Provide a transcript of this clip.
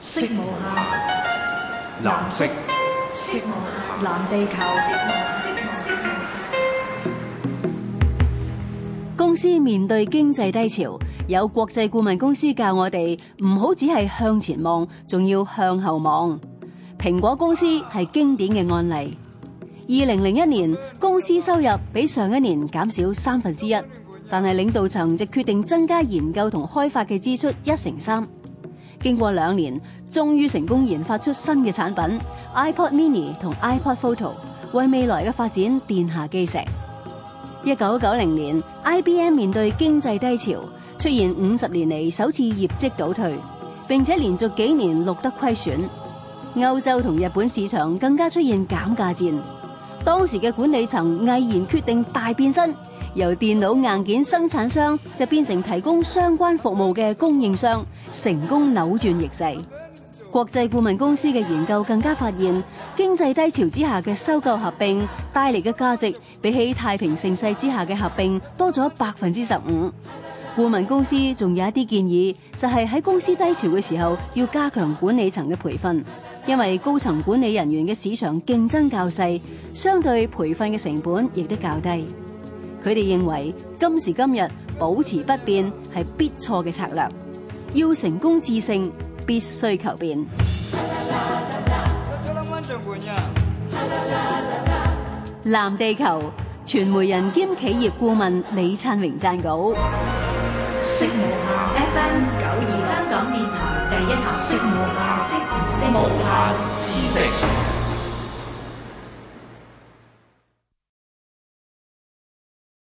色無限，藍色，色無限，色無限，藍地球。公司面對經濟低潮，有國際顧問公司教我哋唔好只係向前望，仲要向後望。蘋果公司係經典嘅案例。二零零一年，公司收入比上一年減少三分之一，但係領導層就決定增加研究同開發嘅支出一成三。經過兩年，終於成功研發出新嘅產品 iPod Mini 同 iPod Photo，為未來嘅發展奠下基石。一九九零年，IBM 面對經濟低潮，出現五十年嚟首次業績倒退，並且連續幾年錄得虧損。歐洲同日本市場更加出現減價戰，當時嘅管理層毅然決定大變身。由電腦硬件生產商就變成提供相關服務嘅供應商，成功扭轉逆勢。國際顧問公司嘅研究更加發現，經濟低潮之下嘅收購合併帶嚟嘅價值，比起太平盛世之下嘅合併多咗百分之十五。顧問公司仲有一啲建議，就係喺公司低潮嘅時候要加強管理層嘅培訓，因為高層管理人員嘅市場競爭較細，相對培訓嘅成本亦都較低。佢哋認為今時今日保持不變係必錯嘅策略，要成功致勝必須求變。啊啊、藍地球傳媒人兼企業顧問李燦榮撰稿。